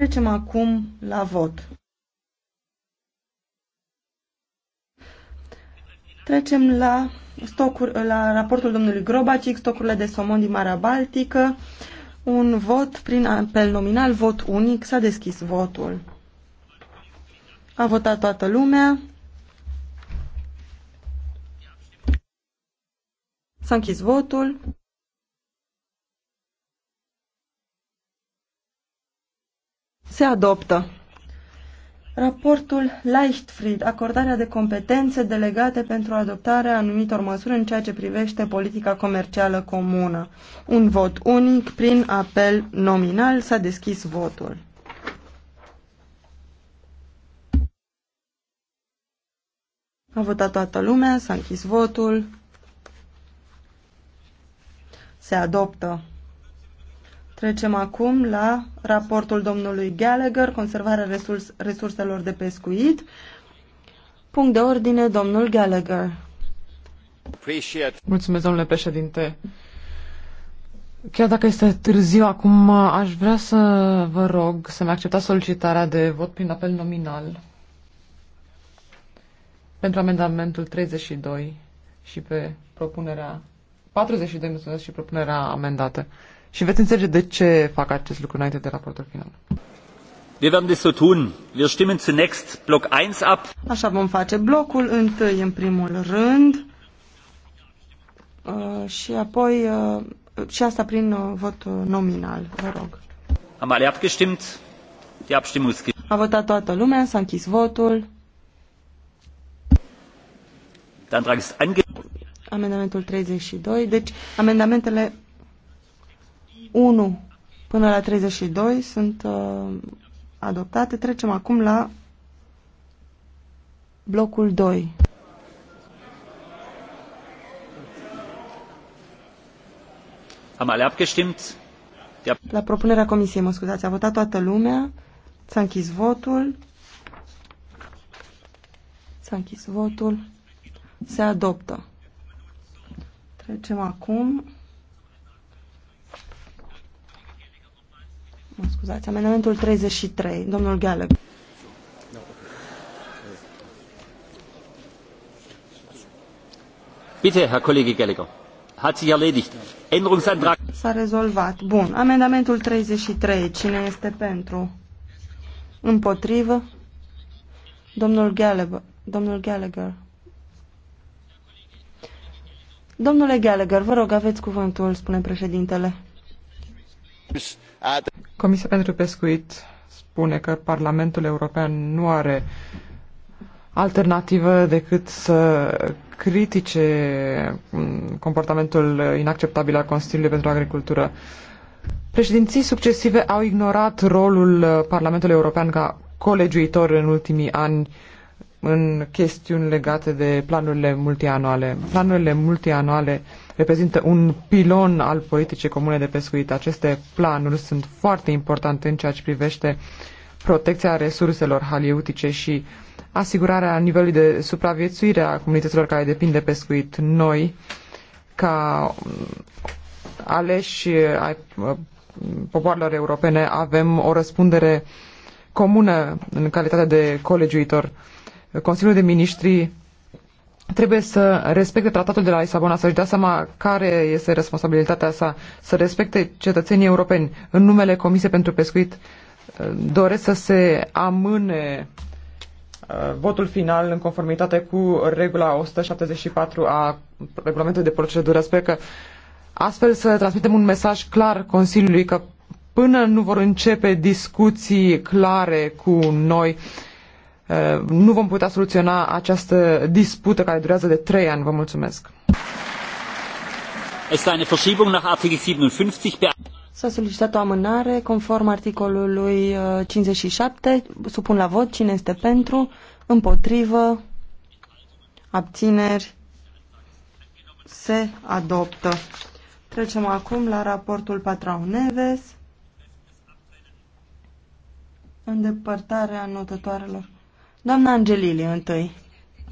Trecem acum la vot. Trecem la, stocuri, la raportul domnului Grobacic, stocurile de somon din Marea Baltică. Un vot prin apel nominal, vot unic, s-a deschis votul. A votat toată lumea. S-a închis votul. Se adoptă. Raportul Leichtfried, acordarea de competențe delegate pentru adoptarea anumitor măsuri în ceea ce privește politica comercială comună. Un vot unic prin apel nominal s-a deschis votul. A votat toată lumea, s-a închis votul. Se adoptă Trecem acum la raportul domnului Gallagher, conservarea resurs resurselor de pescuit. Punct de ordine, domnul Gallagher. Mulțumesc, domnule președinte. Chiar dacă este târziu acum, uh, aș vrea să vă rog să-mi acceptați solicitarea de vot prin apel nominal pentru amendamentul 32 și pe propunerea 42, și propunerea amendată. Și veți înțelege de ce fac acest lucru înainte de raportul final. Wir werden das so tun. Wir stimmen zunächst Block 1 ab. Așa vom face blocul întâi în primul rând uh, și apoi uh, și asta prin uh, vot nominal, vă rog. Am alle abgestimmt? Die Abstimmung ist A votat toată lumea, s-a închis votul. Der Antrag ist ange Amendamentul 32. Deci, amendamentele 1 până la 32 sunt uh, adoptate. Trecem acum la blocul 2. Am alle abgestimmt? La propunerea comisiei, mă scuzați, a votat toată lumea, s-a închis votul, s-a închis votul, se adoptă. Trecem acum Mă scuzați, amendamentul 33, domnul Gallagher. Bitte, Herr Kollege Gallagher. Hat sich erledigt. Änderungsantrag. S-a rezolvat. Bun. Amendamentul 33. Cine este pentru? Împotrivă? Domnul Gallagher. Domnul Gallagher. Domnule Gallagher, vă rog, aveți cuvântul, spune președintele. Comisia pentru Pescuit spune că Parlamentul European nu are alternativă decât să critique um, comportamentul inacceptabil al Consiliului pentru Agricultură. Președinții succesive au ignorat rolul Parlamentului European ca colegiuitor în ultimii ani în chestiuni legate de planurile multianuale. Planurile multianuale reprezintă un pilon al politicii comune de pescuit. Aceste planuri sunt foarte importante în ceea ce privește protecția resurselor haliutice și asigurarea nivelului de supraviețuire a comunităților care depind de pescuit. Noi, ca aleși ai uh, popoarelor europene, avem o răspundere comună în calitate de colegiuitor. Consiliul de Ministri trebuie să respecte tratatul de la Lisabona, să-și dea seama care este responsabilitatea sa, să respecte cetățenii europeni. În numele Comisiei pentru Pescuit uh, doresc să se amâne uh, votul final în conformitate cu regula 174 a regulamentului de procedură. Sper că astfel să transmitem un mesaj clar Consiliului că până nu vor începe discuții clare cu noi, Uh, nu vom putea soluționa această dispută care durează de trei ani. Vă mulțumesc. S-a solicitat o amânare conform articolului 57. Uh, Supun la vot cine este pentru, împotrivă, abțineri, se adoptă. Trecem acum la raportul Patrau Neves, îndepărtarea notătoarelor. Doamna Angelili, întâi.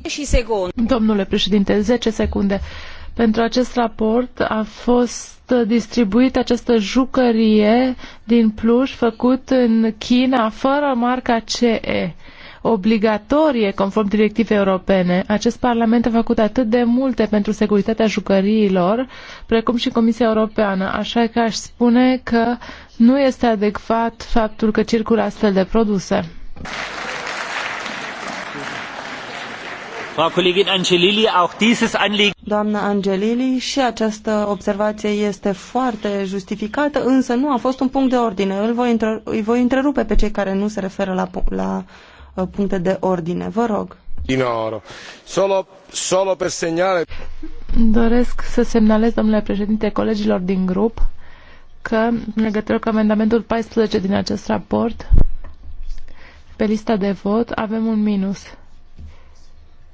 Și secund. Domnule președinte, 10 secunde. Pentru acest raport a fost distribuită această jucărie din pluș făcut în China fără marca CE obligatorie conform directivei europene. Acest Parlament a făcut atât de multe pentru securitatea jucăriilor, precum și Comisia Europeană, așa că aș spune că nu este adecvat faptul că circulă astfel de produse. Doamna Angelili, și această observație este foarte justificată, însă nu a fost un punct de ordine. Îl voi, intre, îi voi întrerupe pe cei care nu se referă la, la uh, puncte de ordine. Vă rog. oro, Solo, solo per segnale. Doresc să semnalez, domnule președinte, colegilor din grup că, în legătură cu amendamentul 14 din acest raport, pe lista de vot avem un minus.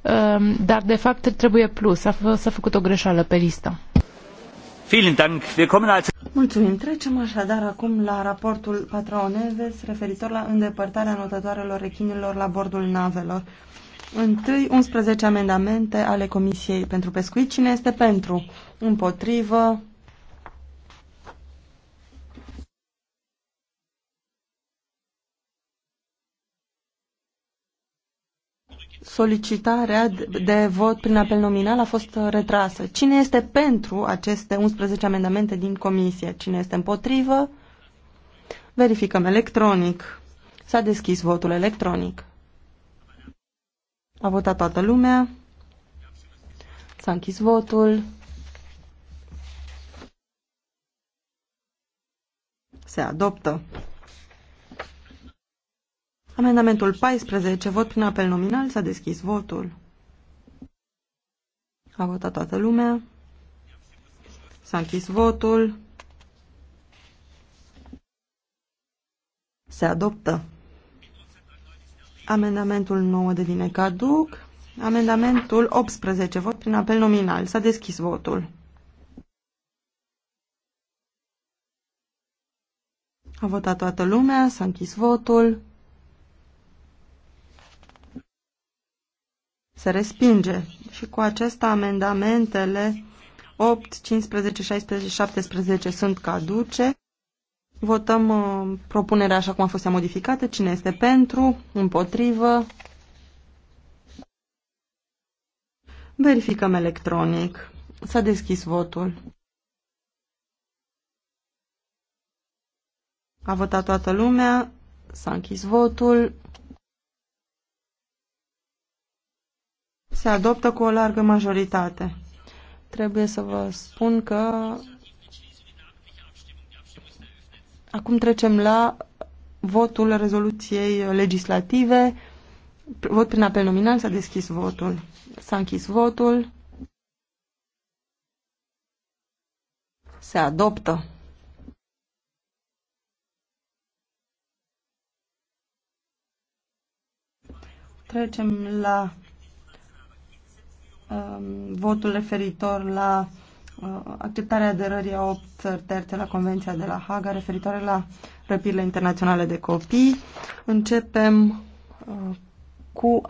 Um, dar de fapt trebuie plus. S-a făcut o greșeală pe listă. Mulțumim. Trecem așadar acum la raportul Patraoneves referitor la îndepărtarea notătoarelor rechinilor la bordul navelor. Întâi 11 amendamente ale Comisiei pentru Pescuit. Cine este pentru? Împotrivă? solicitarea de vot prin apel nominal a fost retrasă. Cine este pentru aceste 11 amendamente din comisie? Cine este împotrivă? Verificăm electronic. S-a deschis votul electronic. A votat toată lumea. S-a închis votul. Se adoptă. Amendamentul 14, vot prin apel nominal, s-a deschis votul. A votat toată lumea. S-a închis votul. Se adoptă. Amendamentul 9 de din caduc. Amendamentul 18, vot prin apel nominal. S-a deschis votul. A votat toată lumea, s-a închis votul. se respinge. Și cu acesta amendamentele 8, 15, 16, 17 sunt caduce. Votăm uh, propunerea așa cum a fost ea modificată. Cine este pentru? Împotrivă? Verificăm electronic. S-a deschis votul. A votat toată lumea. S-a închis votul. se adoptă cu o largă majoritate. Trebuie să vă spun că acum trecem la votul rezoluției legislative. Vot prin apel nominal s-a deschis votul. S-a închis votul. Se adoptă. Trecem la Um, votul referitor la uh, acceptarea aderării a 8 țări terțe la Convenția de la Haga referitoare la răpirile internaționale de copii. Începem uh, cu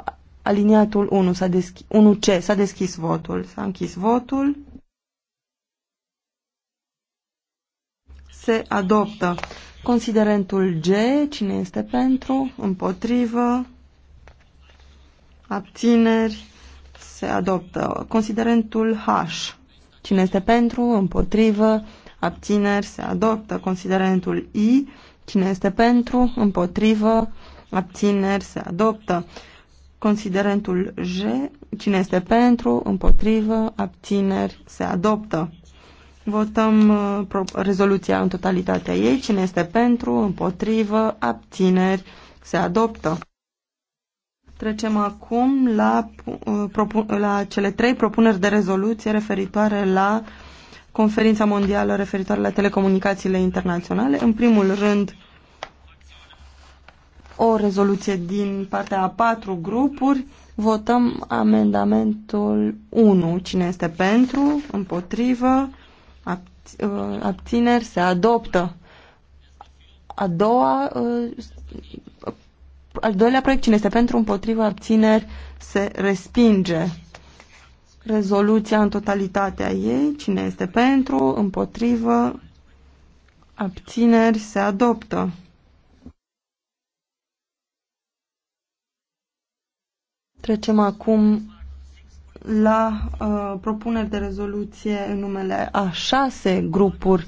aliniatul 1, s-a deschis, 1C, s-a deschis votul, s-a închis votul. Se adoptă considerentul G, cine este pentru, împotrivă, abțineri, se adoptă. Considerentul H. Cine este pentru, împotrivă, abțineri, se adoptă. Considerentul I. Cine este pentru, împotrivă, abțineri, se adoptă. Considerentul J. Cine este pentru, împotrivă, abțineri, se adoptă. Votăm uh, rezoluția în totalitatea ei. Cine este pentru, împotrivă, abțineri, se adoptă. Trecem acum la, uh, la cele trei propuneri de rezoluție referitoare la conferința mondială referitoare la telecomunicațiile internaționale. În primul rând, o rezoluție din partea a patru grupuri. Votăm amendamentul 1. Cine este pentru, împotrivă, uh, abțineri, se adoptă. A doua uh, al doilea proiect, cine este pentru, împotriva, abțineri, se respinge. Rezoluția în totalitatea ei, cine este pentru, împotrivă, abțineri, se adoptă. Trecem acum la uh, propuneri de rezoluție în numele a șase grupuri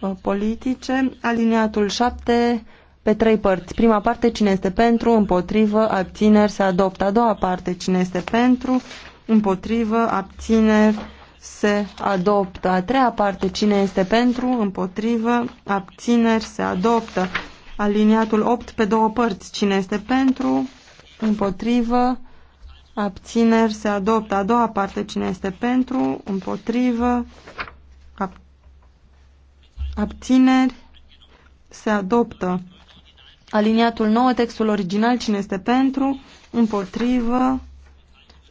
uh, politice. Aliniatul 7 pe trei părți. Prima parte, cine este pentru, împotrivă, abțineri, se adoptă. A doua parte, cine este pentru, împotrivă, abțineri, se adoptă. A treia parte, cine este pentru, împotrivă, abțineri, se adoptă. Aliniatul 8 pe două părți, cine este pentru, împotrivă, abțineri, se adoptă. A doua parte, cine este pentru, împotrivă, ab abțineri, se adoptă. Aliniatul 9, textul original, cine este pentru, împotrivă,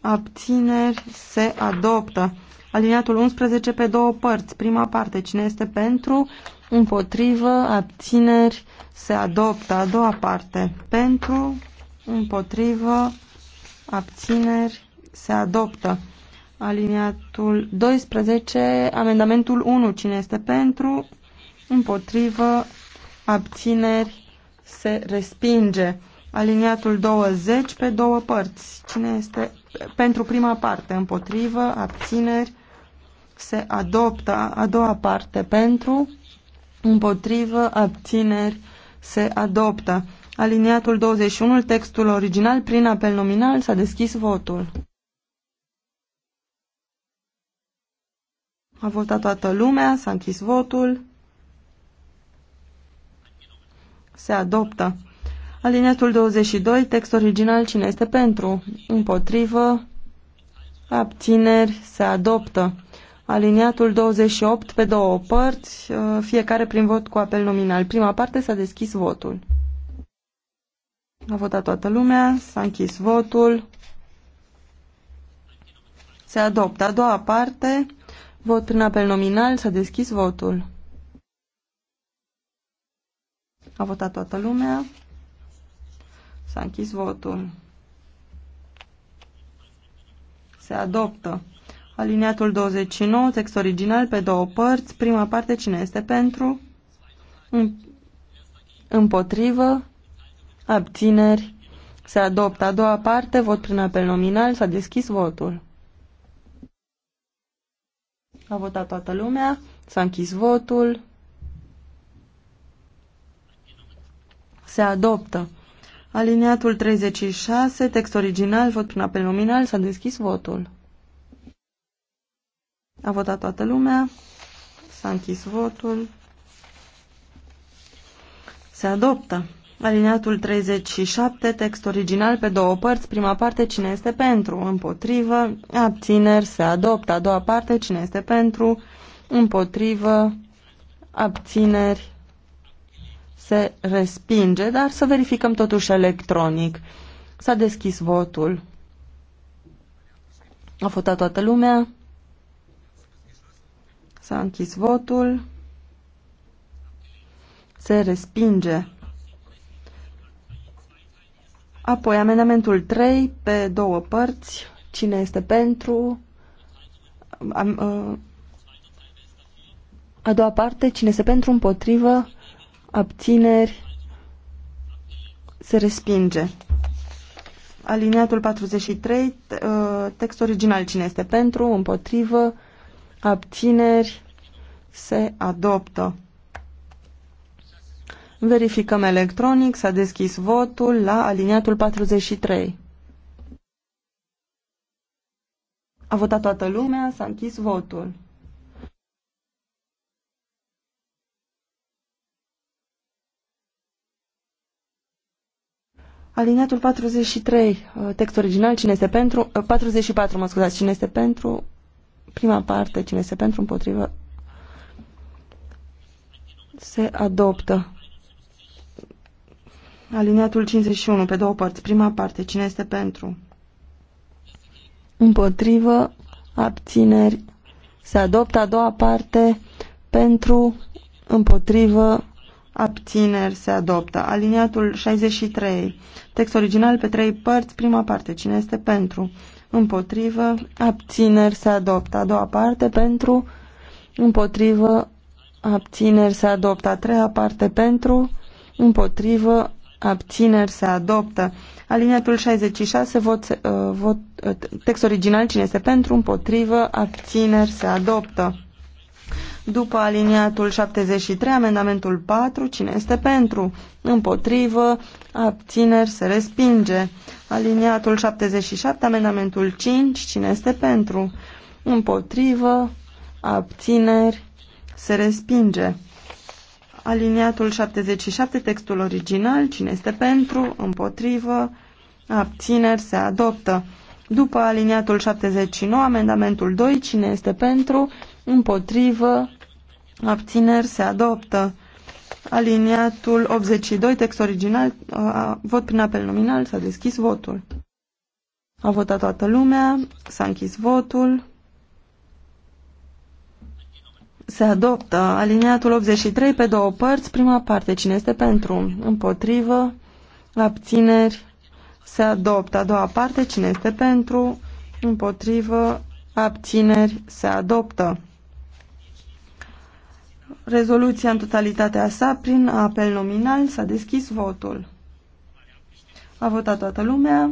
abțineri, se adoptă. Aliniatul 11 pe două părți. Prima parte, cine este pentru, împotrivă, abțineri, se adoptă. A doua parte, pentru, împotrivă, abțineri, se adoptă. Aliniatul 12, amendamentul 1, cine este pentru, împotrivă, abțineri, se respinge. Aliniatul 20 pe două părți. Cine este pentru prima parte? Împotrivă, abțineri, se adoptă. A doua parte pentru, împotrivă, abțineri, se adoptă. Aliniatul 21, textul original, prin apel nominal, s-a deschis votul. A votat toată lumea, s-a închis votul. Se adoptă. Alinetul 22, text original, cine este pentru? Împotrivă. Abțineri. Se adoptă. Aliniatul 28 pe două părți, uh, fiecare prin vot cu apel nominal. Prima parte s-a deschis votul. A votat toată lumea, s-a închis votul. Se adoptă a doua parte, vot prin apel nominal, s-a deschis votul. A votat toată lumea. S-a închis votul. Se adoptă. Aliniatul 29, text original pe două părți. Prima parte, cine este pentru? Împotrivă? Abțineri? Se adoptă. A doua parte, vot prin apel nominal. S-a deschis votul. A votat toată lumea. S-a închis votul. se adoptă. Aliniatul 36, text original, vot prin apel nominal, s-a deschis votul. A votat toată lumea, s-a închis votul, se adoptă. Aliniatul 37, text original pe două părți, prima parte cine este pentru, împotrivă, abțineri, se adoptă, a doua parte cine este pentru, împotrivă, abțineri, se respinge, dar să verificăm totuși electronic. S-a deschis votul. A votat toată lumea. S-a închis votul. Se respinge. Apoi amendamentul 3 pe două părți. Cine este pentru? Am, a, uh, a doua parte, cine este pentru, împotrivă, abțineri, se respinge. Aliniatul 43, uh, text original, cine este pentru, împotrivă, abțineri, se adoptă. Verificăm electronic, s-a deschis votul la aliniatul 43. A votat toată lumea, s-a închis votul. Alineatul 43, uh, text original, cine este pentru? 44, uh, mă scuzați, cine este pentru? Prima parte, cine este pentru, împotrivă, se adoptă. Alineatul 51, pe două părți. Prima parte, cine este pentru? Împotrivă, abțineri, se adoptă. A doua parte, pentru, împotrivă, abțineri se adoptă. Aliniatul 63, text original pe trei părți, prima parte, cine este pentru, împotrivă, abțineri se adoptă. A doua parte, pentru, împotrivă, abțineri se adoptă. A treia parte, pentru, împotrivă, abțineri se adoptă. Aliniatul 66, vot, uh, vot, uh, text original, cine este pentru, împotrivă, abțineri se adoptă. După aliniatul 73, amendamentul 4, cine este pentru? Împotrivă, abțineri, se respinge. Aliniatul 77, amendamentul 5, cine este pentru? Împotrivă, abțineri, se respinge. Aliniatul 77, textul original, cine este pentru? Împotrivă, abțineri, se adoptă. După aliniatul 79, amendamentul 2, cine este pentru? Împotrivă, abțineri se adoptă. Aliniatul 82, text original, vot prin apel nominal, s-a deschis votul. A votat toată lumea, s-a închis votul. Se adoptă aliniatul 83 pe două părți, prima parte, cine este pentru, împotrivă, abțineri, se adoptă a doua parte, cine este pentru, împotrivă, abțineri, se adoptă. Rezoluția în totalitatea sa, prin apel nominal, s-a deschis votul. A votat toată lumea.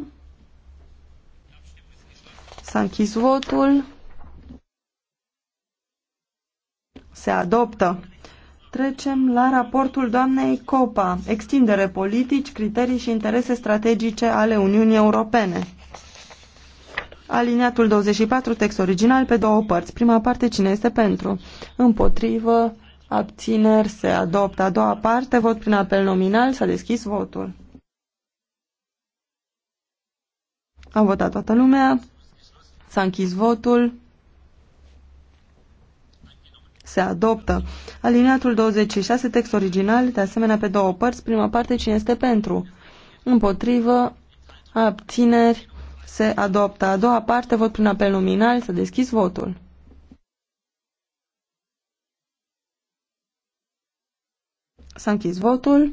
S-a închis votul. Se adoptă. Trecem la raportul doamnei Copa, extindere politici, criterii și interese strategice ale Uniunii Europene. Aliniatul 24, text original, pe două părți. Prima parte, cine este pentru? Împotrivă, abțineri, se adoptă. A doua parte, vot prin apel nominal, s-a deschis votul. A votat toată lumea, s-a închis votul, se adoptă. Alineatul 26, text original, de asemenea pe două părți, prima parte, cine este pentru? Împotrivă, abțineri, se adoptă. A doua parte, vot prin apel nominal, s-a deschis votul. S-a închis votul.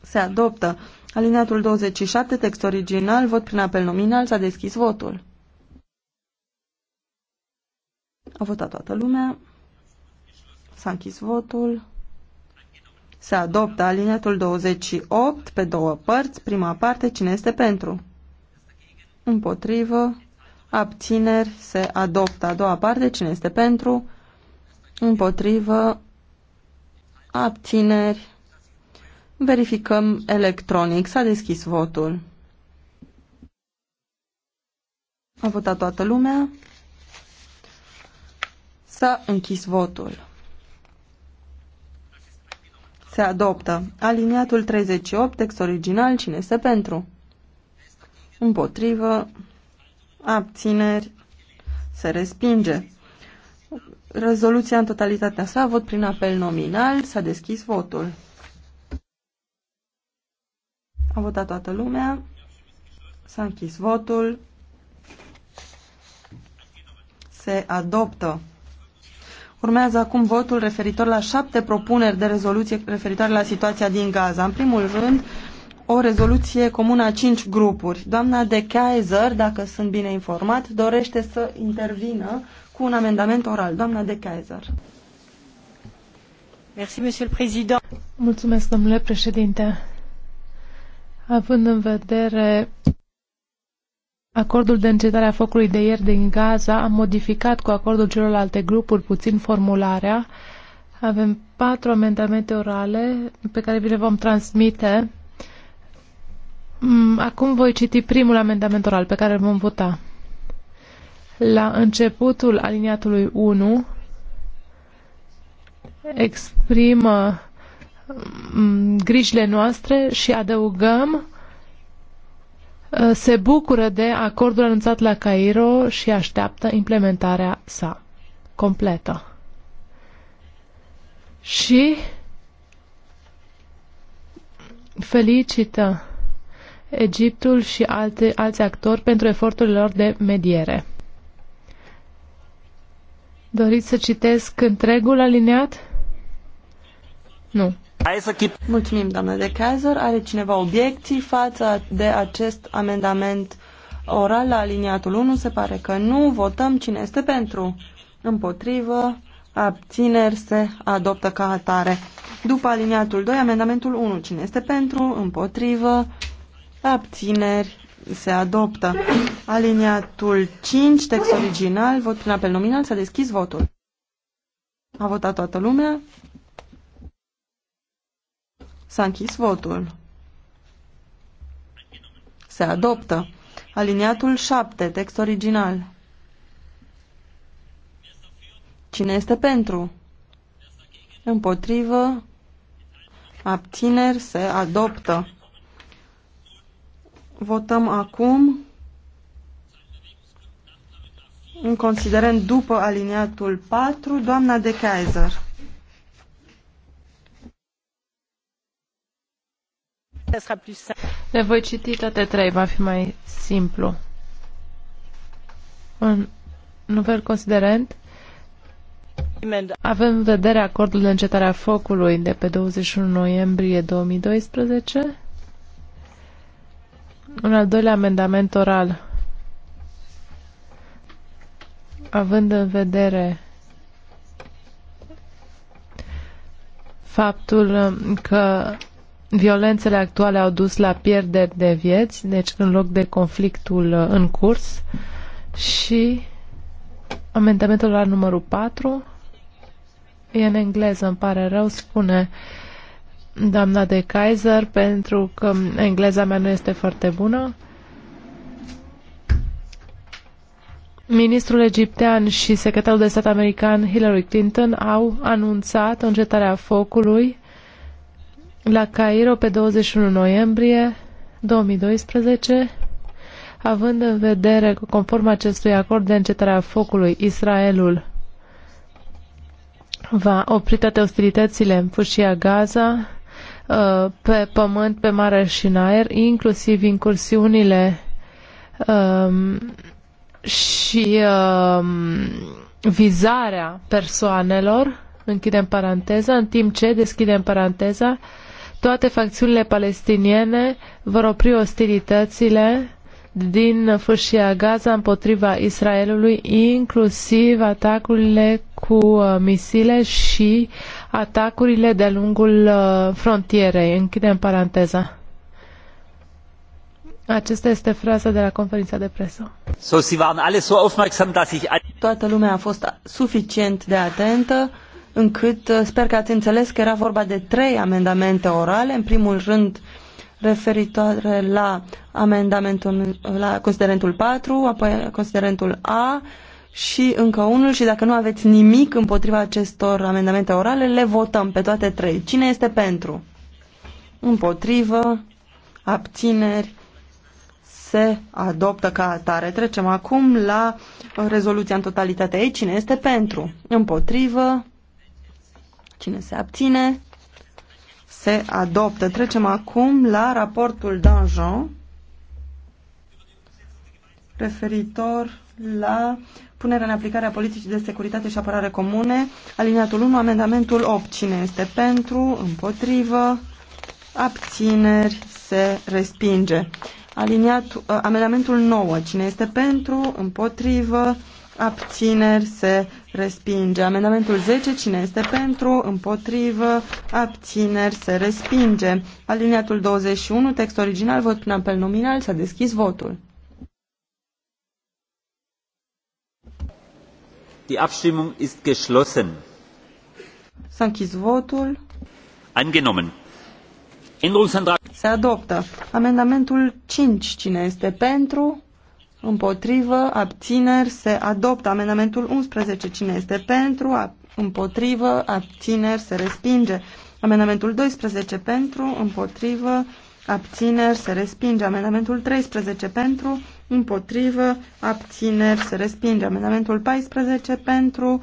Se adoptă. Alineatul 27, text original, vot prin apel nominal, s-a deschis votul. A votat toată lumea. S-a închis votul. Se adoptă alineatul 28 pe două părți. Prima parte, cine este pentru? Împotrivă. Abțineri. Se adoptă a doua parte, cine este pentru? Împotrivă abțineri. Verificăm electronic. S-a deschis votul. A votat toată lumea. S-a închis votul. Se adoptă. Aliniatul 38, text original, cine este pentru? Împotrivă, abțineri, se respinge. Rezoluția în totalitatea sa, vot prin apel nominal, s-a deschis votul. A votat toată lumea, s-a închis votul, se adoptă. Urmează acum votul referitor la șapte propuneri de rezoluție referitoare la situația din Gaza. În primul rând, o rezoluție comună a cinci grupuri. Doamna de Kaiser, dacă sunt bine informat, dorește să intervină cu un amendament oral. Doamna de Kaiser. Mulțumesc, domnule președinte. Având în vedere acordul de încetare a focului de ieri din Gaza, am modificat cu acordul celorlalte grupuri puțin formularea. Avem patru amendamente orale pe care vi le vom transmite. Mm, acum voi citi primul amendament oral pe care îl vom vota. La începutul aliniatului 1 exprimă mm, grijile noastre și adăugăm uh, se bucură de acordul anunțat la Cairo și așteaptă implementarea sa completă. Și felicită Egiptul și alte, alți actori pentru eforturile lor de mediere. Doriți să citesc întregul aliniat? Nu. Mulțumim, doamnă de Cazor. Are cineva obiecții față de acest amendament oral la aliniatul 1? Se pare că nu. Votăm cine este pentru. Împotrivă. Abțineri se adoptă ca atare. După aliniatul 2, amendamentul 1. Cine este pentru? Împotrivă. Abțineri se adoptă. Aliniatul 5, text original, vot prin apel nominal, s-a deschis votul. A votat toată lumea. S-a închis votul. Se adoptă. Aliniatul 7, text original. Cine este pentru? Împotrivă. Abțineri se adoptă. Votăm acum în considerent după aliniatul 4, doamna de Kaiser. Le voi citi toate trei, va fi mai simplu. În nivel considerent, avem în vedere acordul de încetare a focului de pe 21 noiembrie 2012 un al doilea amendament oral. Având în vedere faptul că violențele actuale au dus la pierderi de vieți, deci în loc de conflictul uh, în curs și amendamentul la numărul 4 e în engleză, îmi pare rău, spune uh, doamna de Kaiser pentru că engleza mea nu este foarte bună. Ministrul egiptean și secretarul de stat american Hillary Clinton au anunțat încetarea focului la Cairo pe 21 noiembrie 2012, având în vedere că conform acestui acord de încetare a focului, Israelul va opri toate ostilitățile în fâșia Gaza Uh, pe pământ, pe mare și în aer, inclusiv incursiunile um, și um, vizarea persoanelor, închidem paranteza, în timp ce deschidem paranteza, toate facțiunile palestiniene vor opri ostilitățile din fâșia Gaza împotriva Israelului, inclusiv atacurile cu uh, misile și atacurile de-a lungul uh, frontierei. Închidem paranteza. Acesta este fraza de la conferința de presă. So, sie waren alle so aufmerksam, dass ich... Toată lumea a fost suficient de atentă încât uh, sper că ați înțeles că era vorba de trei amendamente orale. În primul rând, referitoare la amendamentul la considerentul 4, apoi considerentul A, și încă unul și dacă nu aveți nimic împotriva acestor amendamente orale, le votăm pe toate trei. Cine este pentru? Împotrivă, abțineri, se adoptă ca atare. Trecem acum la rezoluția în totalitate. Ei, cine este pentru? Împotrivă, cine se abține, se adoptă. Trecem acum la raportul Danjon referitor la punerea în aplicare a politicii de securitate și apărare comune, alineatul 1, amendamentul 8. Cine este pentru, împotrivă, abțineri, se respinge. Aliniat, uh, amendamentul 9. Cine este pentru, împotrivă, abțineri, se respinge. Amendamentul 10. Cine este pentru, împotrivă, abțineri, se respinge. Aliniatul 21. Text original, vot prin apel nominal, s-a deschis votul. Abstimmung ist geschlossen. votul. Angenommen. Änderungsantrag. Se adoptă. Amendamentul 5. Cine este pentru? Împotrivă. Abțineri. Se adoptă. Amendamentul 11. Cine este pentru? Împotrivă. Abțineri. Se respinge. Amendamentul 12. Pentru. Împotrivă abțineri, se respinge. Amendamentul 13 pentru, împotrivă, abțineri, se respinge. Amendamentul 14 pentru,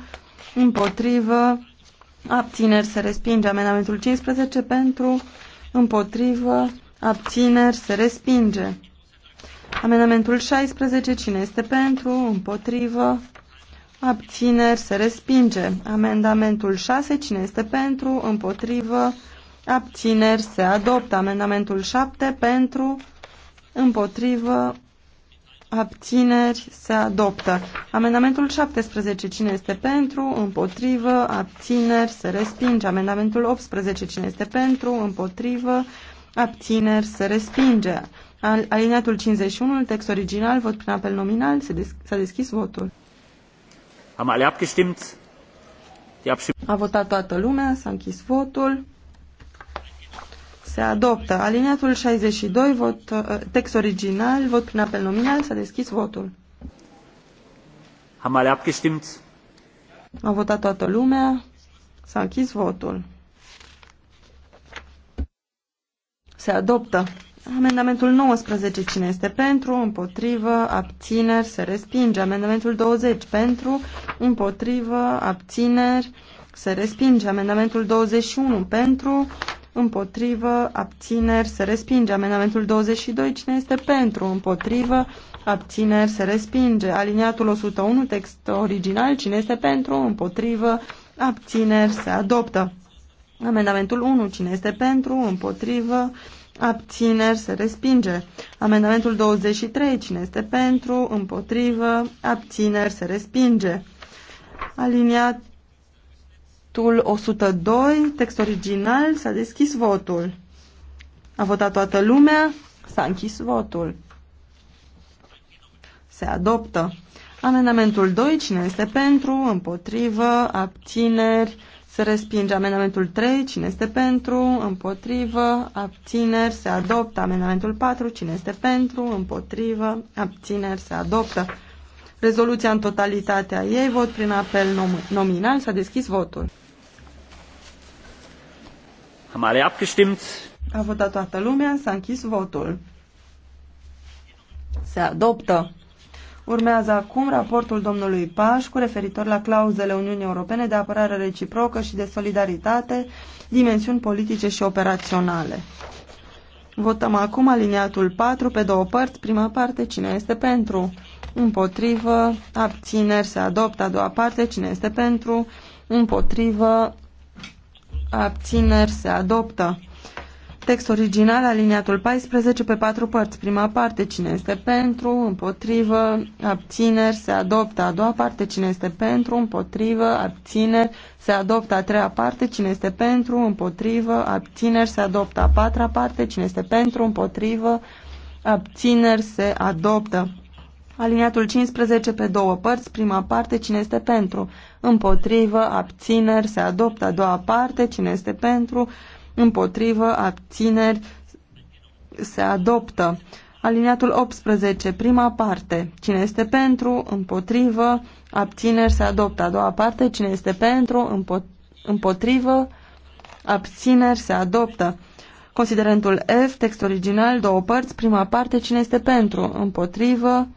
împotrivă, abțineri, se respinge. Amendamentul 15 pentru, împotrivă, abțineri, se respinge. Amendamentul 16, cine este pentru, împotrivă, abțineri, se respinge. Amendamentul 6, cine este pentru, împotrivă, Abțineri se adoptă. Amendamentul 7 pentru, împotrivă, abțineri se adoptă. Amendamentul 17, cine este pentru, împotrivă, abțineri se respinge. Amendamentul 18, cine este pentru, împotrivă, abțineri se respinge. Aliniatul alineatul 51, text original, vot prin apel nominal, s-a deschis votul. Am alle abgestimmt. A votat toată lumea, s-a închis votul. Se adoptă. Aliniatul 62, vot, uh, text original, vot prin apel nominal, s-a deschis votul. Am alea abgestimmt? A votat toată lumea, s-a închis votul. Se adoptă. Amendamentul 19, cine este pentru, împotrivă, abțineri, se respinge. Amendamentul 20, pentru, împotrivă, abțineri, se respinge. Amendamentul 21, pentru, împotrivă, abțineri, se respinge. Amendamentul 22, cine este pentru, împotrivă, abțineri, se respinge. Aliniatul 101, text original, cine este pentru, împotrivă, abțineri, se adoptă. Amendamentul 1, cine este pentru, împotrivă, abțineri, se respinge. Amendamentul 23, cine este pentru, împotrivă, abțineri, se respinge. Aliniat Tul 102, text original, s-a deschis votul. A votat toată lumea, s-a închis votul. Se adoptă. Amendamentul 2, cine este pentru, împotrivă, abțineri, se respinge. Amendamentul 3, cine este pentru, împotrivă, abțineri, se adoptă. Amendamentul 4, cine este pentru, împotrivă, abțineri, se adoptă. Rezoluția în totalitatea ei, vot prin apel nom nominal, s-a deschis votul. Am alle abgestimmt. A votat toată lumea, s-a închis votul. Se adoptă. Urmează acum raportul domnului cu referitor la clauzele Uniunii Europene de apărare reciprocă și de solidaritate, dimensiuni politice și operaționale. Votăm acum aliniatul 4 pe două părți. Prima parte, cine este pentru? Împotrivă, abțineri, se adoptă. A doua parte, cine este pentru? Împotrivă, abțineri se adoptă. Text original, aliniatul 14 pe patru părți. Prima parte, cine este pentru, împotrivă, abțineri, se adoptă. A doua parte, cine este pentru, împotrivă, abțineri, se adoptă. A treia parte, cine este pentru, împotrivă, abțineri, se adoptă. A patra parte, cine este pentru, împotrivă, abțineri, se adoptă. Aliniatul 15 pe două părți, prima parte, cine este pentru? Împotrivă, abțineri, se adoptă a doua parte, cine este pentru? Împotrivă, abțineri, se adoptă. Aliniatul 18, prima parte, cine este pentru? Împotrivă, abțineri, se adoptă a doua parte, cine este pentru? Împotrivă, abțineri, se adoptă. Considerentul F, text original, două părți, prima parte, cine este pentru? Împotrivă,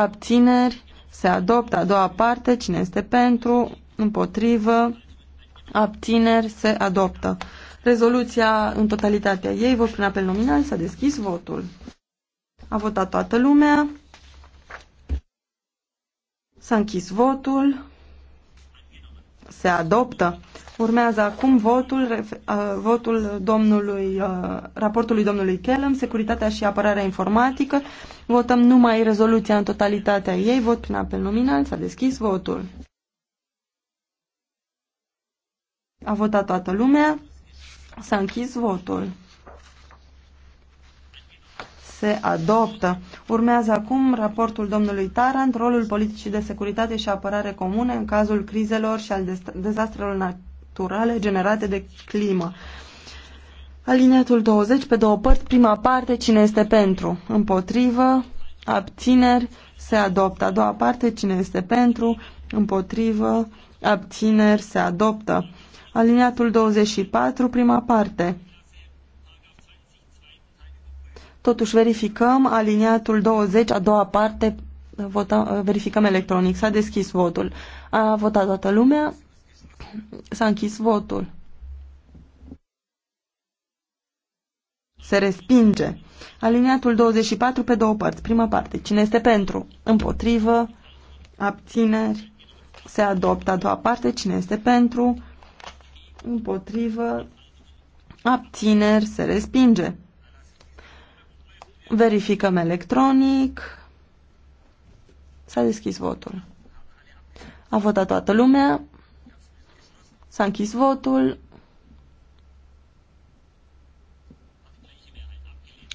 abțineri, se adoptă a doua parte, cine este pentru, împotrivă, abțineri, se adoptă. Rezoluția în totalitatea ei, vot prin apel nominal, s-a deschis votul. A votat toată lumea. S-a închis votul. Se adoptă. Urmează acum votul, uh, votul domnului, uh, raportului domnului Kellam, securitatea și apărarea informatică. Votăm numai rezoluția în totalitatea ei. Vot prin apel nominal. S-a deschis votul. A votat toată lumea. S-a închis votul. Se adoptă. Urmează acum raportul domnului Tarant, rolul politicii de securitate și apărare comune în cazul crizelor și al dezastrelor naturale structurale generate de climă. Alineatul 20, pe două părți, prima parte, cine este pentru? Împotrivă, abțineri, se adoptă. A doua parte, cine este pentru? Împotrivă, abțineri, se adoptă. Aliniatul 24, prima parte. Totuși verificăm aliniatul 20, a doua parte, vota, verificăm electronic. S-a deschis votul. A votat toată lumea, S-a închis votul. Se respinge. Aliniatul 24 pe două părți. Prima parte. Cine este pentru? Împotrivă. Abțineri. Se adoptă a doua parte. Cine este pentru? Împotrivă. Abțineri. Se respinge. Verificăm electronic. S-a deschis votul. A votat toată lumea. S-a închis votul.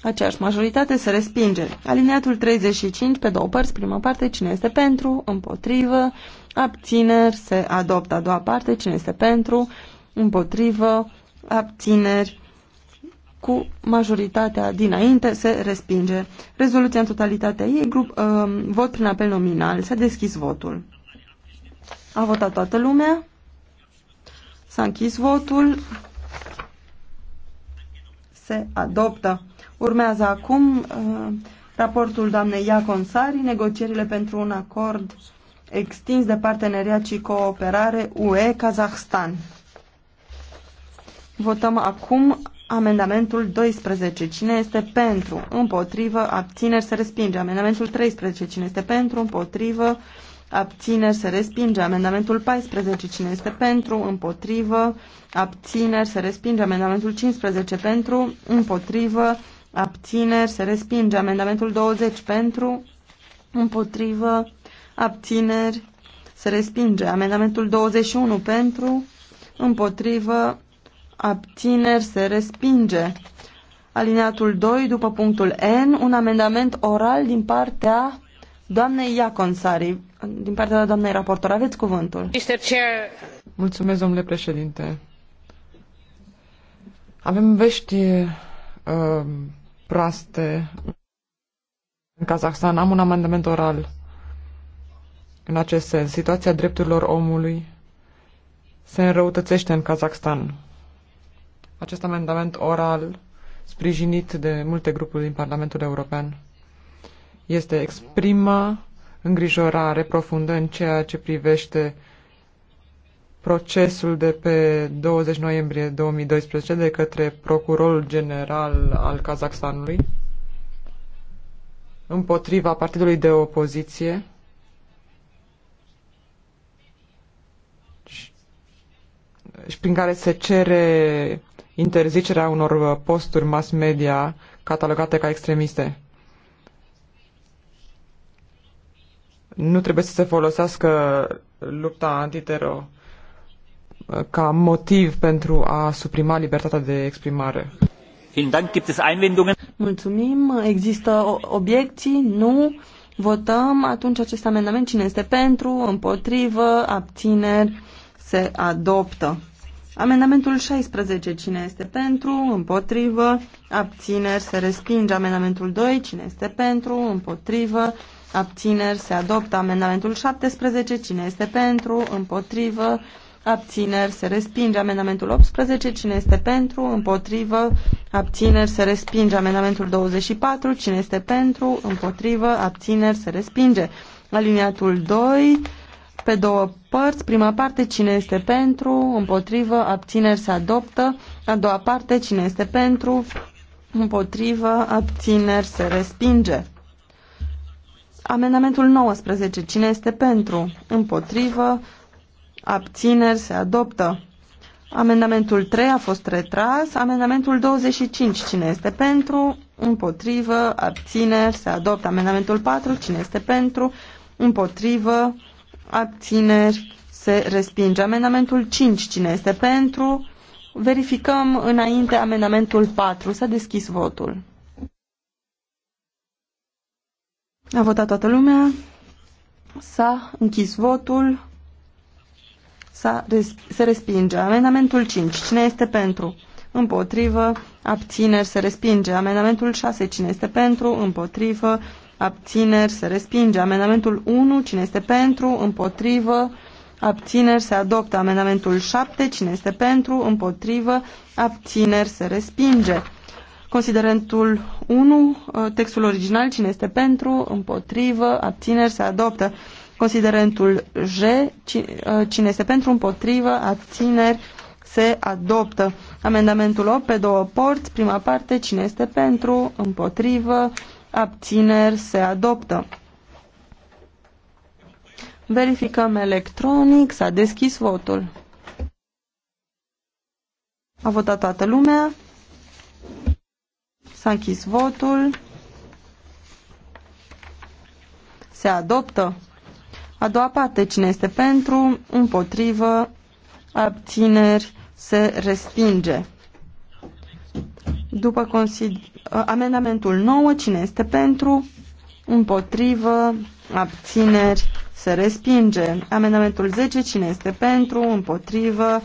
Aceeași majoritate se respinge. Alineatul 35 pe două părți, prima parte, cine este pentru, împotrivă, abțineri, se adoptă a doua parte, cine este pentru, împotrivă, abțineri, cu majoritatea dinainte se respinge. Rezoluția în totalitatea ei, grup, uh, vot prin apel nominal, s-a deschis votul. A votat toată lumea? S-a închis votul. Se adoptă. Urmează acum uh, raportul doamnei Iaconsari, negocierile pentru un acord extins de parteneriat și cooperare UE-Kazahstan. Votăm acum amendamentul 12. Cine este pentru? Împotrivă? Abțineri? Se respinge. Amendamentul 13. Cine este pentru? Împotrivă? abțineri se respinge. Amendamentul 14, cine este pentru, împotrivă, abțineri se respinge. Amendamentul 15, pentru, împotrivă, abțineri se respinge. Amendamentul 20, pentru, împotrivă, abțineri se respinge. Amendamentul 21, pentru, împotrivă, abțineri se respinge. Alineatul 2, după punctul N, un amendament oral din partea doamnei Iaconsari din partea doamnei raportor. Aveți cuvântul. Mulțumesc, domnule președinte. Avem vești uh, proaste în Kazahstan. Am un amendament oral în acest sens. Situația drepturilor omului se înrăutățește în Kazahstan. Acest amendament oral, sprijinit de multe grupuri din Parlamentul European, este exprimă îngrijorare profundă în ceea ce privește procesul de pe 20 noiembrie 2012 de către Procurorul General al Kazakhstanului împotriva partidului de opoziție și prin care se cere interzicerea unor posturi mass media catalogate ca extremiste. nu trebuie să se folosească lupta antitero uh, ca motiv pentru a suprima libertatea de exprimare. Mulțumim. Există obiecții? Nu. Votăm atunci acest amendament. Cine este pentru, împotrivă, abțineri, se adoptă. Amendamentul 16. Cine este pentru, împotrivă, abțineri, se respinge. Amendamentul 2. Cine este pentru, împotrivă, abțineri, se adoptă. Amendamentul 17, cine este pentru, împotrivă, abțineri, se respinge. Amendamentul 18, cine este pentru, împotrivă, abțineri, se respinge. Amendamentul 24, cine este pentru, împotrivă, abțineri, se respinge. Aliniatul 2, pe două părți. Prima parte, cine este pentru, împotrivă, abțineri, se adoptă. A doua parte, cine este pentru, împotrivă, abțineri, se respinge. Amendamentul 19. Cine este pentru? Împotrivă? Abțineri? Se adoptă. Amendamentul 3 a fost retras. Amendamentul 25. Cine este pentru? Împotrivă? Abțineri? Se adoptă. Amendamentul 4. Cine este pentru? Împotrivă? Abțineri? Se respinge. Amendamentul 5. Cine este pentru? Verificăm înainte amendamentul 4. S-a deschis votul. A votat toată lumea. S-a închis votul. S-a res se respinge. Amendamentul 5. Cine este pentru? Împotrivă. Abțineri. Se respinge. Amendamentul 6. Cine este pentru? Împotrivă. Abțineri. Se respinge. Amendamentul 1. Cine este pentru? Împotrivă. Abțineri se adoptă amendamentul 7. Cine este pentru? Împotrivă? Abțineri se respinge. Considerentul 1, uh, textul original, cine este pentru, împotrivă, abțineri, se adoptă. Considerentul J, uh, cine este pentru, împotrivă, abțineri, se adoptă. Amendamentul 8 pe două porți, prima parte, cine este pentru, împotrivă, abțineri, se adoptă. Verificăm electronic, s-a deschis votul. A votat toată lumea. S-a închis votul. Se adoptă. A doua parte, cine este pentru, împotrivă, abțineri, se respinge. După amendamentul 9, cine este pentru, împotrivă, abțineri, se respinge. Amendamentul 10, cine este pentru, împotrivă,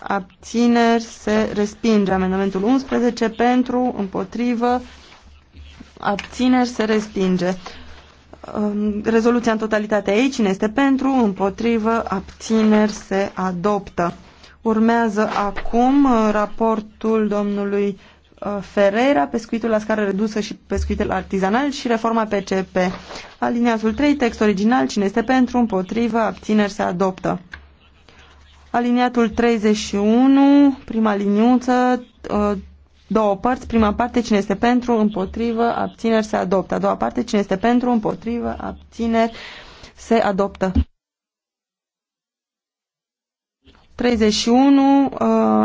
abțineri, se respinge. Amendamentul 11 pentru, împotrivă, abțineri, se respinge. Um, rezoluția în totalitate aici cine este pentru, împotrivă, abțineri, se adoptă. Urmează acum uh, raportul domnului uh, Ferreira, pescuitul la scară redusă și pescuitul artizanal și reforma PCP. Aliniatul 3, text original, cine este pentru, împotrivă, abțineri, se adoptă. Aliniatul 31, prima liniuță, uh, două părți, prima parte cine este pentru, împotrivă, abțineri se adoptă. A doua parte cine este pentru, împotrivă, abțineri se adoptă. 31, uh,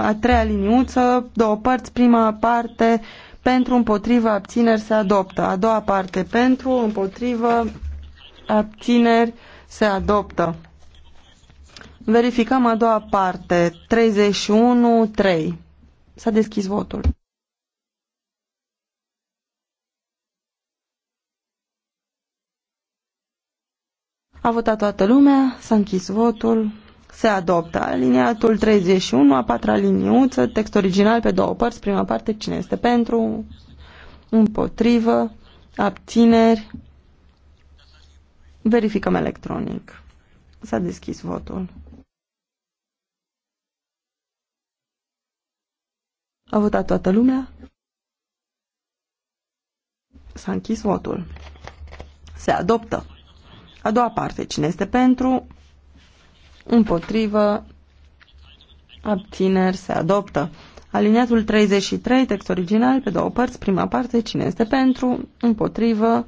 a treia liniuță, două părți, prima parte pentru, împotrivă, abțineri se adoptă. A doua parte pentru, împotrivă, abțineri se adoptă. Verificăm a doua parte. 31-3. S-a deschis votul. A votat toată lumea, s-a închis votul, se adoptă aliniatul 31, a patra liniuță, text original pe două părți, prima parte, cine este pentru, împotrivă, abțineri, verificăm electronic. S-a deschis votul. A votat toată lumea? S-a închis votul. Se adoptă. A doua parte. Cine este pentru? Împotrivă. Abțineri. Se adoptă. Aliniatul 33, text original, pe două părți, prima parte, cine este pentru, împotrivă,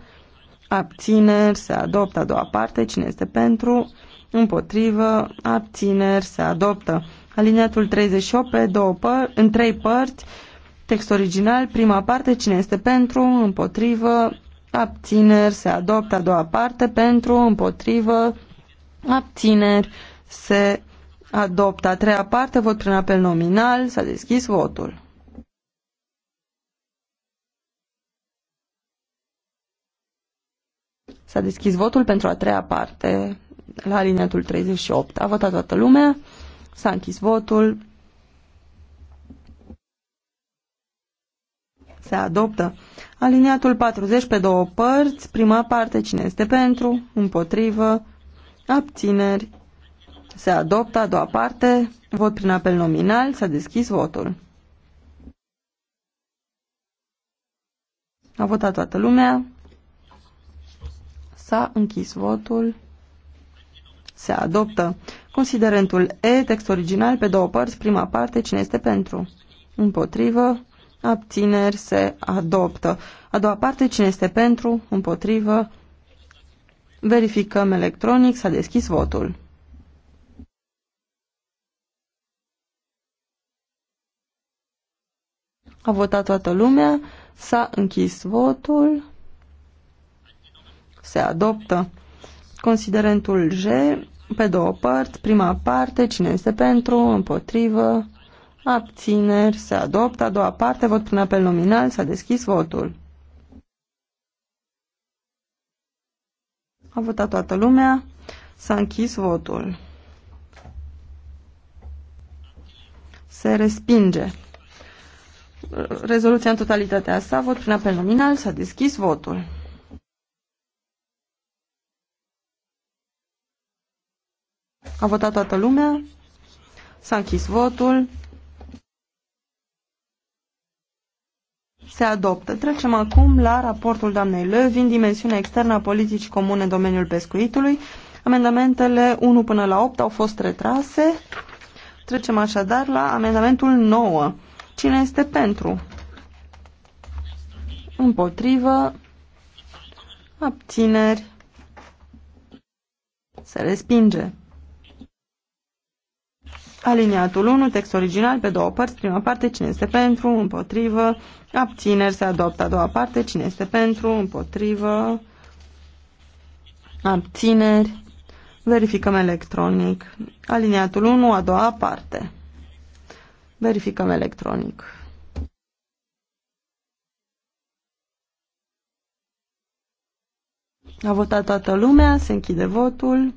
abțineri, se adoptă, a doua parte, cine este pentru, împotrivă, abțineri, se adoptă. Aliniatul 38 pe două păr- în trei părți, text original, prima parte, cine este pentru, împotrivă, abțineri, se adoptă a doua parte, pentru, împotrivă, abțineri, se adoptă a treia parte, vot prin apel nominal, s-a deschis votul. S-a deschis votul pentru a treia parte la alineatul 38. A votat toată lumea. S-a închis votul. Se adoptă. Aliniatul 40 pe două părți. Prima parte, cine este pentru? Împotrivă. Abțineri. Se adoptă a doua parte. Vot prin apel nominal. S-a deschis votul. A votat toată lumea. S-a închis votul. Se adoptă. Considerentul E, text original, pe două părți, prima parte, cine este pentru? Împotrivă, abțineri, se adoptă. A doua parte, cine este pentru? Împotrivă, verificăm electronic, s-a deschis votul. A votat toată lumea, s-a închis votul, se adoptă. Considerentul G, pe două părți, prima parte, cine este pentru, împotrivă, abțineri, se adoptă, a doua parte, vot prin apel nominal, s-a deschis votul. A votat toată lumea, s-a închis votul. Se respinge. Rezoluția în totalitatea sa, vot prin apel nominal, s-a deschis votul. A votat toată lumea. S-a închis votul. Se adoptă. Trecem acum la raportul doamnei Lövin, dimensiunea externă a politicii comune în domeniul pescuitului. Amendamentele 1 până la 8 au fost retrase. Trecem așadar la amendamentul 9. Cine este pentru? Împotrivă. Abțineri. Se respinge. Aliniatul 1, text original, pe două părți, prima parte, cine este pentru, împotrivă, abțineri, se adoptă a doua parte, cine este pentru, împotrivă, abțineri, verificăm electronic. Aliniatul 1, a doua parte, verificăm electronic. A votat toată lumea, se închide votul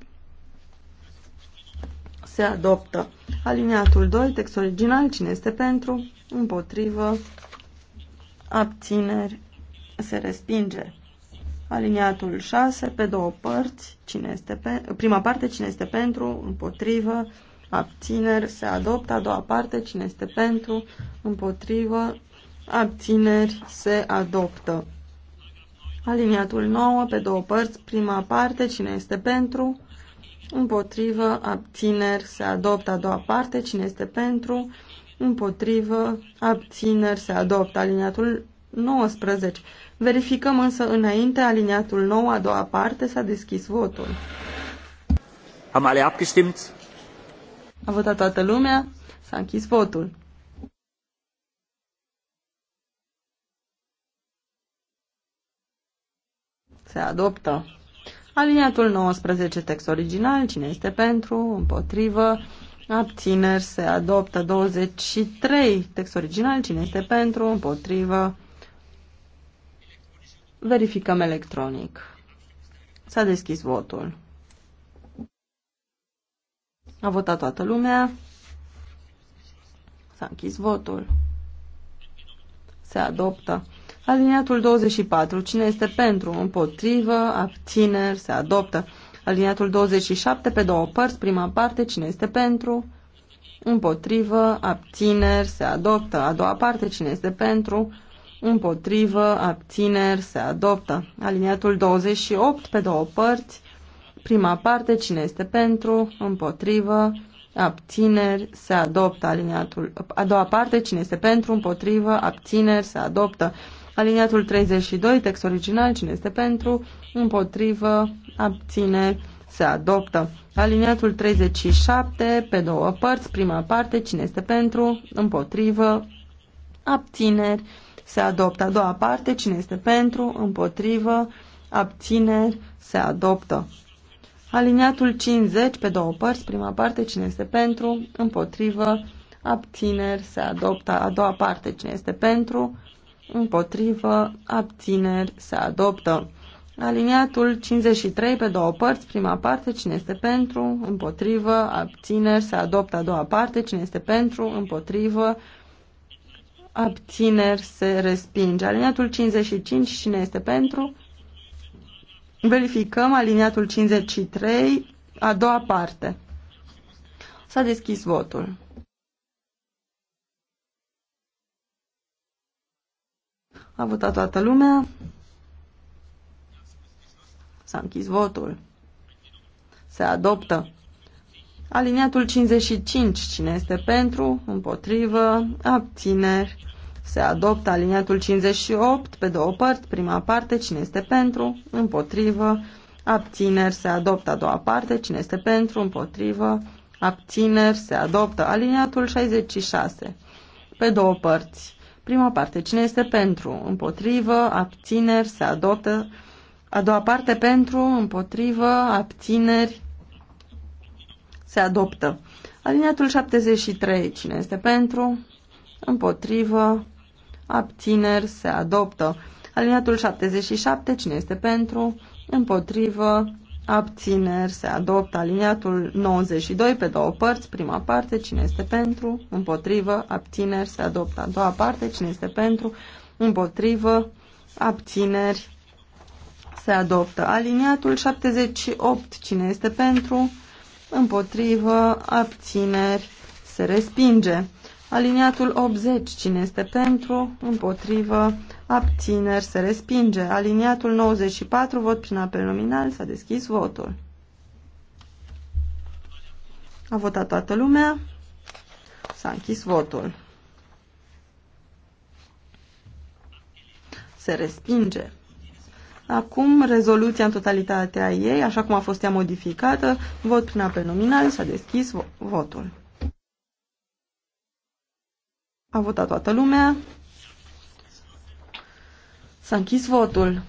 se adoptă. Aliniatul 2, text original, cine este pentru, împotrivă, abțineri, se respinge. Aliniatul 6, pe două părți, cine este pe, prima parte, cine este pentru, împotrivă, abțineri, se adoptă. A doua parte, cine este pentru, împotrivă, abțineri, se adoptă. Aliniatul 9, pe două părți, prima parte, cine este pentru, împotrivă, abțineri, se adoptă a doua parte, cine este pentru, împotrivă, abțineri, se adoptă aliniatul 19. Verificăm însă înainte aliniatul 9, a doua parte, s-a deschis votul. Am ale abgestimt? A votat toată lumea, s-a închis votul. Se adoptă. Aliniatul 19, text original, cine este pentru, împotrivă, abțineri, se adoptă 23, text original, cine este pentru, împotrivă, verificăm electronic. S-a deschis votul. A votat toată lumea. S-a închis votul. Se adoptă. Aliniatul 24. Cine este pentru? Împotrivă, abțineri, se adoptă. Aliniatul 27 pe două părți, prima parte, cine este pentru? Împotrivă, abțineri, se adoptă. A doua parte, cine este pentru? Împotrivă, abțineri, se adoptă. Aliniatul 28 pe două părți, prima parte, cine este pentru? Împotrivă, abțineri, se adoptă. Aliniatul, a doua parte, cine este pentru? Împotrivă, abțineri, se adoptă. Aliniatul 32, text original, cine este pentru, împotrivă, abține, se adoptă. Aliniatul 37, pe două părți, prima parte, cine este pentru, împotrivă, abțineri, se adoptă. A doua parte, cine este pentru, împotrivă, abțineri, se adoptă. Aliniatul 50, pe două părți, prima parte, cine este pentru, împotrivă, abțineri, se adoptă. A doua parte, cine este pentru, împotrivă, abțineri, se adoptă. Aliniatul 53 pe două părți, prima parte, cine este pentru, împotrivă, abțineri, se adoptă a doua parte, cine este pentru, împotrivă, abțineri, se respinge. Aliniatul 55, cine este pentru? Verificăm aliniatul 53, a doua parte. S-a deschis votul. A votat toată lumea. S-a închis votul. Se adoptă. Aliniatul 55. Cine este pentru? Împotrivă? Abțineri. Se adoptă aliniatul 58 pe două părți. Prima parte. Cine este pentru? Împotrivă? Abțineri. Se adoptă a doua parte. Cine este pentru? Împotrivă? Abțineri. Se adoptă aliniatul 66 pe două părți. Prima parte, cine este pentru? Împotrivă, abțineri, se adoptă. A doua parte, pentru, împotrivă, abțineri, se adoptă. Alineatul 73, cine este pentru? Împotrivă, abțineri, se adoptă. Alineatul 77, cine este pentru? Împotrivă, abțineri se adoptă aliniatul 92 pe două părți, prima parte, cine este pentru, împotrivă, abțineri se adoptă a doua parte, cine este pentru, împotrivă, abțineri se adoptă aliniatul 78, cine este pentru, împotrivă, abțineri se respinge. Aliniatul 80, cine este pentru, împotrivă, abțineri, se respinge. Aliniatul 94, vot prin apel nominal, s-a deschis votul. A votat toată lumea, s-a închis votul. Se respinge. Acum, rezoluția în totalitatea ei, așa cum a fost ea modificată, vot prin apel nominal, s-a deschis votul. A votat toată lumea. S-a închis votul.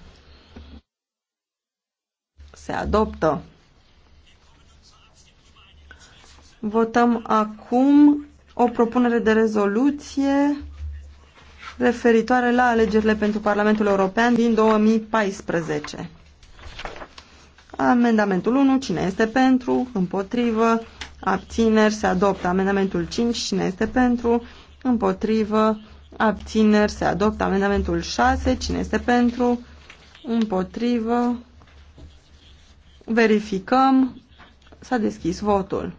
Se adoptă. Votăm acum o propunere de rezoluție referitoare la alegerile pentru Parlamentul European din 2014. Amendamentul 1, cine este pentru, împotrivă, abțineri, se adoptă. Amendamentul 5, cine este pentru, împotrivă, abțineri, se adoptă amendamentul 6, cine este pentru, împotrivă, verificăm, s-a deschis votul.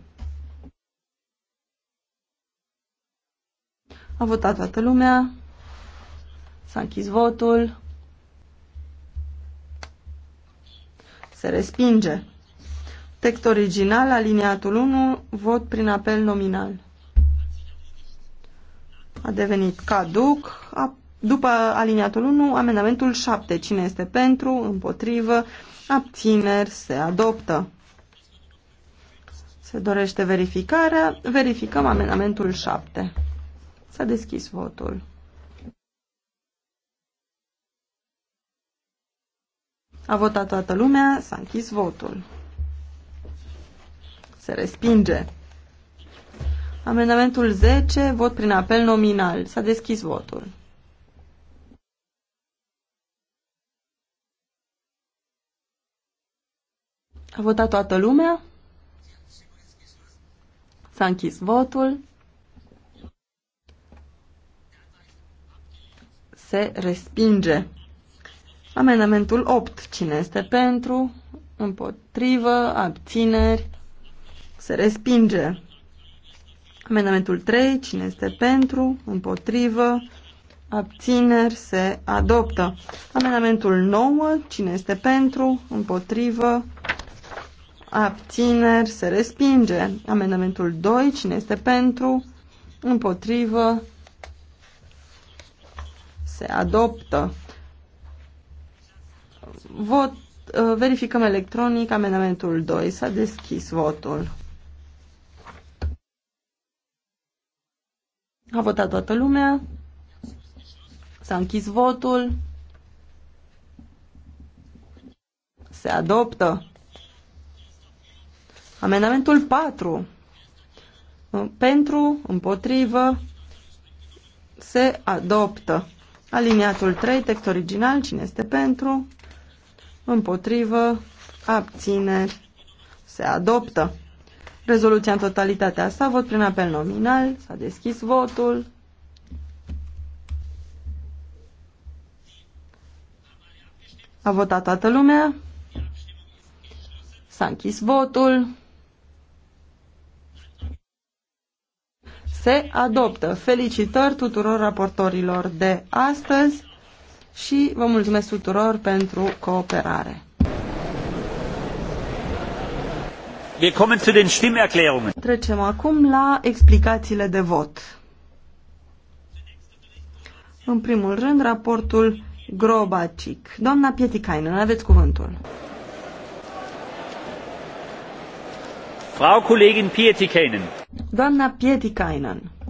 A votat toată lumea, s-a închis votul, se respinge. Text original, aliniatul 1, vot prin apel nominal a devenit caduc. A, după aliniatul 1, amendamentul 7. Cine este pentru, împotrivă, abțineri, se adoptă. Se dorește verificarea. Verificăm amendamentul 7. S-a deschis votul. A votat toată lumea, s-a închis votul. Se respinge. Amendamentul 10, vot prin apel nominal. S-a deschis votul. A votat toată lumea? S-a închis votul. Se respinge. Amendamentul 8. Cine este pentru? Împotrivă? Abțineri? Se respinge. Amendamentul 3, cine este pentru, împotrivă, abțineri, se adoptă. Amendamentul 9, cine este pentru, împotrivă, abțineri, se respinge. Amendamentul 2, cine este pentru, împotrivă, se adoptă. Vot, uh, verificăm electronic amendamentul 2. S-a deschis votul. A votat toată lumea. S-a închis votul. Se adoptă. Amendamentul 4. Pentru, împotrivă, se adoptă. Aliniatul 3, text original, cine este pentru, împotrivă, Abține. se adoptă rezoluția în totalitatea sa. Vot prin apel nominal. S-a deschis votul. A votat toată lumea. S-a închis votul. Se adoptă. Felicitări tuturor raportorilor de astăzi și vă mulțumesc tuturor pentru cooperare. Wir kommen zu den Stimmerklärungen. Trecem acum la explicațiile de vot. În primul rând, raportul Grobacic. Doamna Pietikainen, aveți cuvântul. Frau Kollegin Pietikainen. Doamna Pietikainen.